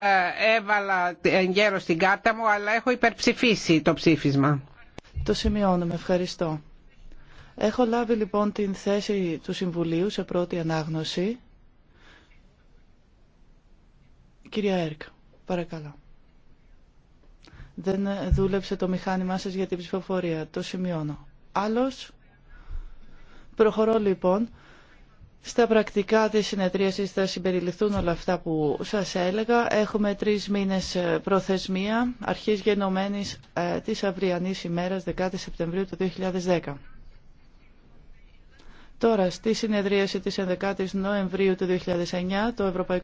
Ε, έβαλα γέρο στην κάρτα μου, αλλά έχω υπερψηφίσει το ψήφισμα. Το σημειώνουμε. Ευχαριστώ. Έχω λάβει λοιπόν την θέση του Συμβουλίου σε πρώτη ανάγνωση. Κυρία Έρκ, παρακαλώ. Δεν δούλεψε το μηχάνημά σας για την ψηφοφορία. Το σημειώνω. Άλλος, προχωρώ λοιπόν στα πρακτικά της συνεδρίασης θα συμπεριληφθούν όλα αυτά που σας έλεγα. Έχουμε τρεις μήνες ε, προθεσμία αρχής γενομένης ε, της αυριανής ημέρας 10 Σεπτεμβρίου του 2010. Τώρα, στη συνεδρίαση της 11 Νοεμβρίου του 2009, το Ευρωπαϊκό